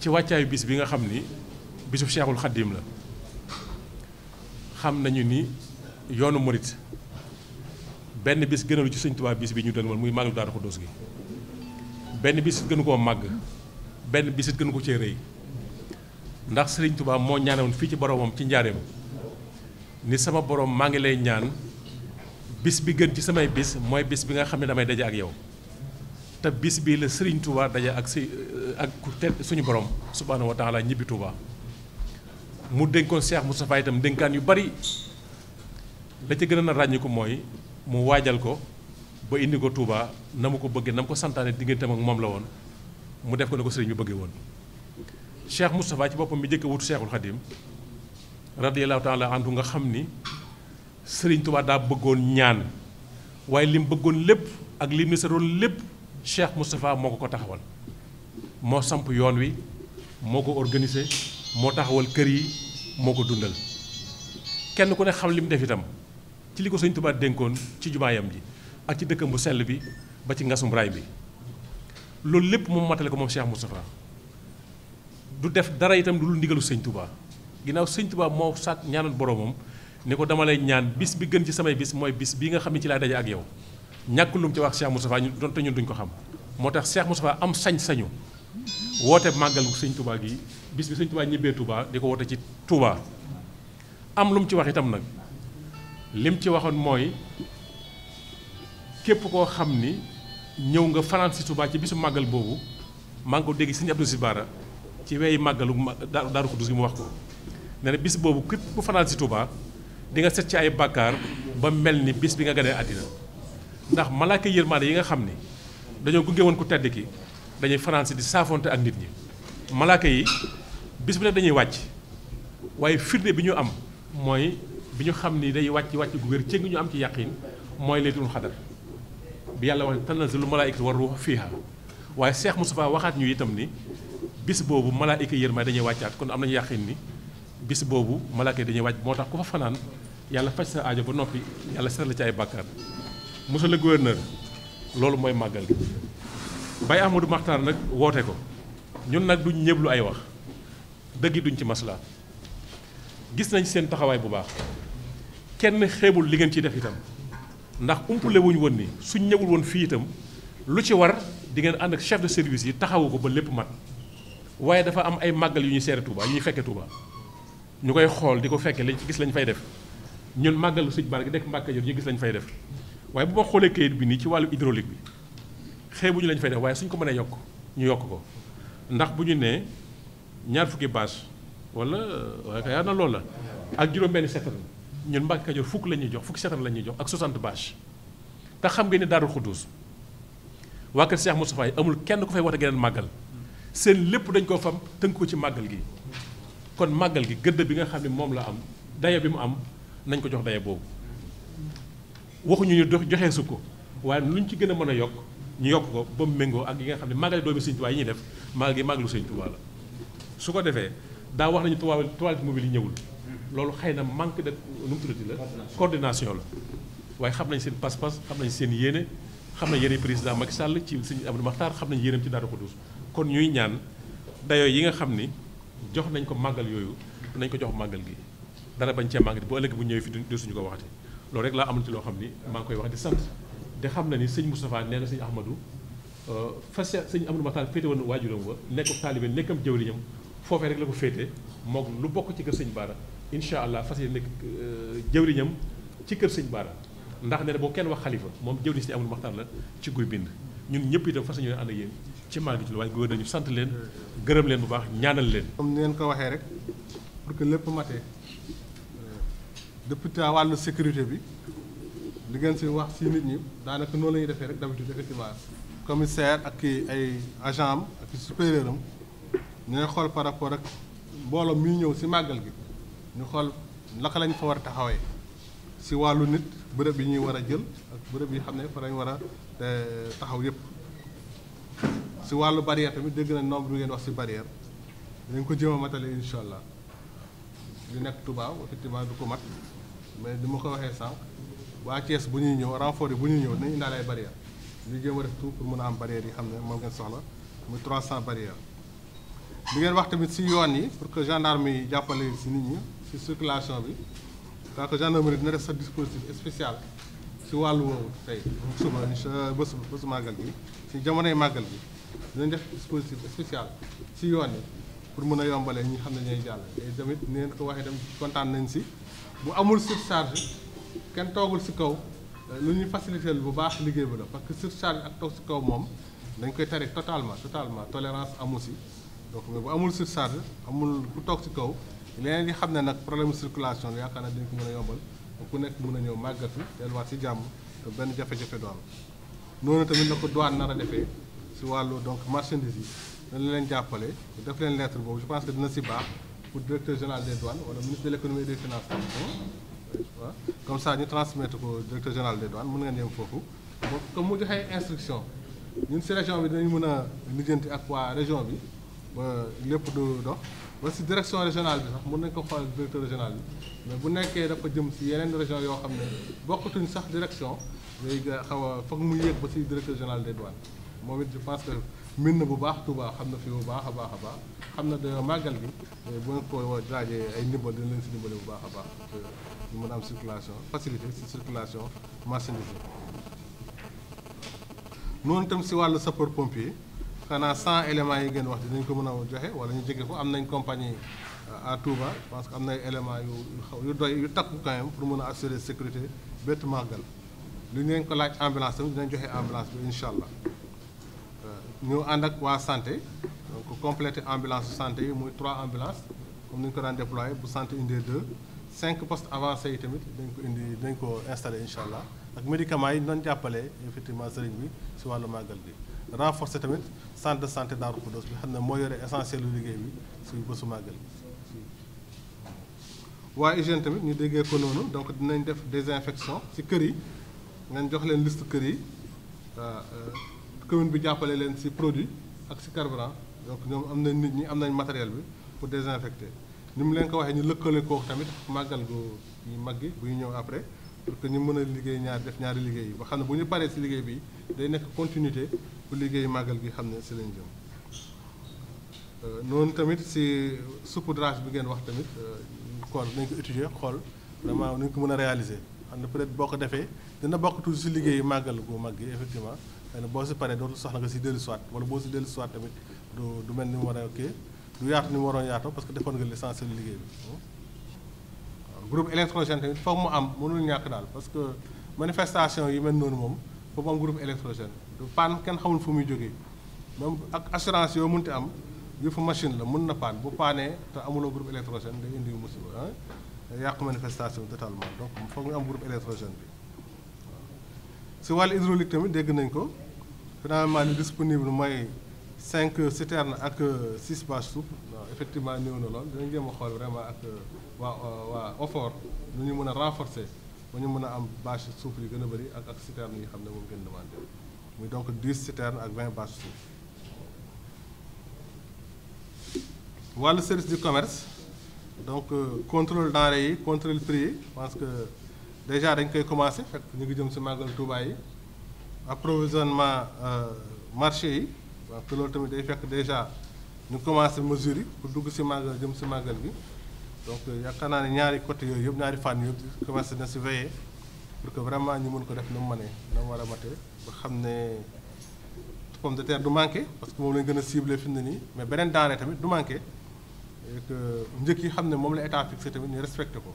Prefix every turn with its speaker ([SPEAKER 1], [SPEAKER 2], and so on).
[SPEAKER 1] ci wàccaayu bis bi nga xam ni bisu Cheikhul Khadim la xam nañu ni yoonu murit benn bis gënalu ci Sëñ Tuubaa bis bi ñu doon woon muy màggalu Daaru Xudoos gi benn bis it gënu koo màgg benn bis it gënu ko cee rëy ndax Sëriñ Tuubaa moo ñaanoon fii ci boromam ci njaareem ni sama borom maa ngi lay ñaan bis bi gën ci samay bis mooy bis bi nga xam ne damay daje ak yow te bis bii la Serigne Touba daje ak si eh, ak suñu borom subhaanahu wa taala ñibbi Touba mu dénkoon Cheikh Moustapha itam dénkaan yu bari la ca gën a ko mooy mu waajal ko ba indi ko Touba na mu ko bëggee na mu ko santaane digganteem ak moom la woon mu def ko ne ko Serigne bi bëggee woon. Cheikh Moustapha ci boppam bi njëkk wut Cheikhul Khadim radiyallahu taala anhu nga xam ni Serigne Touba daa bëggoon ñaan waaye lim bëggoon lépp ak lim ni sa doon lépp. Cheikh Moustapha moo ko ko taxawal moo samp yoon wi moo ko organise moo taxawal kër yi moo ko dundal kenn ku ne xam li mu def itam ci li ko sëñ Tuubaa dénkoon ci jubaayam ji ak ci dëkkam bu sell bi ba ci ngasum raay bi loolu lépp moom matale ko moom Cheikh Moustapha du def dara itam du lu ndigalu sëñ Tuubaa ginnaaw sëñ Tuubaa moo sàkk ñaanal boromam ni ko dama lay ñaan bis bi gën ci samay bis mooy bis bii nga xam ne ci laa daje ak yow ñàkk lu mu ci wax Cheikh Moustapha ñu donte ñun duñ ko xam moo tax Cheikh Moustapha am sañ-sañu woote màggal sëñ tubaa gi bis bi sëñ Touba ñibbee Touba di ko woote ci Touba am lu mu ci wax itam nag lim ci waxoon mooy képp koo xam ni ñëw nga fanaan si tubaa ci bisu màggal boobu ma ngi ko dégg sëñ Abdou Sibara ci weyi màggalu Daaru Xuddus gi mu wax ko nee na bis boobu képp ku fanaan si tubaa di nga set ci ay bàkkaar ba mel ni bis bi nga ganee àddina ndax malaaka yërmaande yi nga xam ni dañoo gunge woon ku tedd ki dañuy faransi di saafonte ak nit ñi malaaka yi bis bu ne dañuy wàcc waaye firnde bi ñu am mooy bi ñu xam ni day wàcc wàcc gu wér cëng ñu am ci yàqin mooy laylatul xadar bi yàlla wax ne tanazzalu malaa'ikatu war ruux fiiha waaye mosu Moustapha waxaat ñu itam ni bis boobu malaayika yërmaande dañuy wàccaat kon am nañu yàqin ni bis boobu malaaka yi dañuy wàcc moo tax ku fa fanaan yàlla faj sa aajo ba noppi yàlla seral ci ay bàkkaar monsieur le gouverneur loolu mooy màggal gi Baye Ahmadou Makhtar nag woote ko ñun nag duñ ñëblu ay wax dëgg duñ ci maslaa gis nañ seen taxawaay bu baax kenn xeebul li ngeen ciy def itam ndax umpule wuñ woon ni suñ ñëwul woon fii itam lu ci war di ngeen ànd ak chef de service yi taxawu ko ba lépp mat waaye dafa am ay màggal yu ñuy seere Touba yu ñuy fekke Touba ñu koy xool di ko fekke lañ ci gis lañ fay def ñun màggalu sëñ Bara gi nekk Mbàkke Kajoor ñu gis lañ fay def waaye bu ma xoolee kayit bi nii ci wàllu hydraulique bi xeebuñu lañ fay def waaye suñ ko mën a yokk ñu yokk ko ndax bu ñu nee ñaar fukki bâche wala waaye yaa na loolu la ak juróom-benn seetal ñun Mbàkke Kajoor fukk la ñuy jox fukki seetal la ñuy jox ak 60 bâche te xam ngeen ne Daaru Xuddus waa kër Cheikh Moustapha yi amul kenn ku fay woote geneen màggal seen lépp dañ koo fam tënk ko ci màggal gi kon màggal gi gëdd bi nga xam ne moom la am dayo bi mu am nañ ko jox dayo boobu waxuñu ñu joxee su ko waaye luñ ci gën a mën a yokk ñu yokk ko ba mu méngoo ak yi nga xam ne màggal doomi Sëñ Tuubaa yi ñuy def màggal gi màggalu Sëñ Tuubaa la su ko defee daa wax nañu toilette toilette mobile yi ñëwul loolu xëy na manque de nu la tuddati la coordination la waaye xam nañ seen pas-pas xam nañ seen yéene xam nañ yéene président Macky Sall ci sëñ Abdou Makhtar xam nañ yéeneem ci Daaru Xudoos kon ñuy ñaan dayo yi nga xam ni jox nañ ko màggal yooyu nañ ko jox màggal gi dara bañ cee màggal bu ëllëg bu ñëwee fi du suñu ko waxati loolu rek laa amoon ci loo xam ni maa ngi koy wax di sant te xam na ni sëñ Moustapha nee na sëñ Ahmadou euh, fas ya sëñ Amadou Mahtar féete woon waajuram wa nekk taalibe nekkam jëwriñam foofee rek la ko féete moog lu bokk ci kër sëñ Baara incha allah fas yéene nekk euh, jëwriñam ci kër sëñ Baara ndax nee boo kenn wax xalifa moom jëwriñ si amul Mahtar la ci guy bind ñun ñëpp itam fas yéene ànd ak yéen ci màgg ci la waaye góor nañu sant leen gërëm leen bu baax ñaanal leen.
[SPEAKER 2] comme ngeen ko waxee rek pour lépp matee. député wàllu sécurité bi li ngeen si wax si nit ñi daanaka noonu lañuy defee rek d'habitude effectivement commissaire ak ay agent am ak supérieur am ñooy xool par rapport ak mbooloo mi ñëw si màggal gi ñu xool naka lañ fa war a taxawee si wàllu nit bërëb yi ñuy war a jël ak bërëb yi xam ne fa lañ war a eh, taxaw yépp si wàllu barrière tamit dégg na nombre bi ngeen wax si barrière dañ ko jéem a matale incha allah li nekk tubaaw effectivement du ko mat mais ni ma ko waxee sànq waa Thiès bu ñuy ñëw renfort yi bu ñuy ñëw nañu indaale ay barrières ñu jéem a def tout pour mën a am barrières yi xam ne moom ngeen soxla muy 300 barrières. bi ngeen wax tamit si yoon yi pour que gendarme yi jàppale si nit ñi si circulation bi parce que gendarmerie dina def sa dispositif spécial si wàllu woowu tey suba incha bés bésu màggal bi si jamonoy màggal bi dinañ def dispositif spécial si yoon yi pour mën a yombalee ñi xam ne ñooy jàll te tamit ni ngeen ko waxee dem kontaan nañ si. bu amul surcharge kenn toogul si kaw euh, lu ñuy faciliter bu baax liggéey bi la parce que surcharge ak toog si kaw moom dañ koy tere totalement totalement tolérance amu si donc mais bu amul surcharge amul ku toog si kaw leneen yi xam ne nag problème circulation yaakaar naa dañ ko mën a yombal ku nekk mën a ñëw màggat fi delluwaat si jàmm te benn jafe-jafe doon noonu tamit na ko douane nar a defee si wàllu donc marchandise yi dañ leen jàppale def leen lettre boobu je pense que dina si baax pour directeur général des douanes wala ministre de l'économie et des finances waaw hmm? comme ça ñu transmettre ko directeur général des douanes mën ngeen yem foofu comme mu joxee instruction ñun si région bi dinañ mën a lijjanti ak waa région bi ba lépp du dox ba si direction régionale bi sax mën nañ ko xool directeur régional bi mais bu nekkee dafa jëm si yeneen région yoo xam ne bokkatuñ sax direction léegi xaw a foog mu yéeg ba si directeur général des douanes moom it je mën na bu baax Touba xam na fi bu baax a baax a baax xam na da màggal bi eh, bu ngeen ko laajee ay ndimbal dina leen si dimbale bu baax a baax ñu mën a am circulation facilité si circulation marchandise noonu itam si wàllu sapeur pompier xanaa 100 éléments yi ngeen wax dinañ ko mën a joxe wala ñu jege ko am nañ compagnie euh, à Touba parce que am na ay éléments yu xaw yu doy yu takku quand pour mën a assurer sécurité bett màggal li ñu ko laaj ambulance tamit dinañ joxe ambulance bi incha allah. ñoo ànd ak waa santé donc complété ambulance santé yi muy trois ambulances comme ni ñu ko daan déployé bu santé indee deux cinq postes avancés yi tamit dañ ko indi dañ ko installé incha allah ak médicament yi doon jàppale effectivement sëriñ bi si wàllu màggal bi renforcé tamit centre de santé Daaru bi xam ne moo yore essentiel lu liggéey bi si bésu màggal bi waa hygiène tamit ñu déggee ko noonu donc dinañ def désinfection si kër yi ngeen jox leen liste kër yi euh, commune bi jàppale leen ci produit ak ci carburant donc ñoom am nañ nit ñi am nañ matériel bi pour désinfecter ni mu leen ko waxee ñu lëkkale koo tamit màggal gu ñu mag gi bu ñu ñëw après pour que ñu mën a liggéey ñaar def ñaari liggéey yi ba xam ne bu ñu paree ci liggéey bi day nekk continuité bu liggéey màggal gi xam ne ci lañ jëm euh, noonu tamit ci saupoudrage bi ngeen wax tamit euh, xool nañ ko étudier xool vraiment nañ ko mën a réaliser xam ne peut-être boo ko defee dina bokk toujours liggéey màggal gu mag gi xëy boo si paree dootul soxla nga si dellu soit wala boo si dellu soit tamit du du mel ni mu war a kii du yaatu ni mu waroon yaatoo parce que defoon nga l'essentiel liggéey bi hmm? waaw groupe électrogène tamit foog mu am mënul ñàkk daal parce que manifestation yi mel noonu moom foog mu am groupe électrogène du panne kenn xamul fu muy jógee même ak assurance yoo mënti am yëfu machine la mën na paan bu paanee te amuloo groupe électrogène day indi musiba ah yàqu manifestation totalement donc foog mu am groupe électrogène bi si wàllu hydraulique tamit dégg nañ ko finalement li disponible mooy cinq citernes ak six bâches souples waaw effectivement néew na lool dinañ jéem a xool vraiment ak euh, waa euh, waa lu ñu mën a renforcer ba ñu mën a am bâche souple yi gën a bëri ak ak citernes yi xam ne moom gën demandé muy donc 10 citernes ak 20 bâches souples wàllu service du commerce donc euh, contrôle denrées yi contrôle prix yi je déjà dañ koy commencé fekk ñu ngi jëm si màggal Touba yi approvisionnement euh, marché yi waaw te loolu tamit day fekk déjà ñu commencé mesure yi pour dugg si màggal jëm si màggal bi donc euh, yaakaar naa ne ñaari côté yooyu yëpp ñaari fànn yëpp commencé na si veiller pour que vraiment ñu mën ko def na mu mënee na mu war a matee ba xam ne pomme de terre du manqué parce que moom lañ gën a ciblé fi mu ne nii mais beneen denrée tamit du manqué et que njëkk yi xam ne moom la état fixé tamit ñu ko.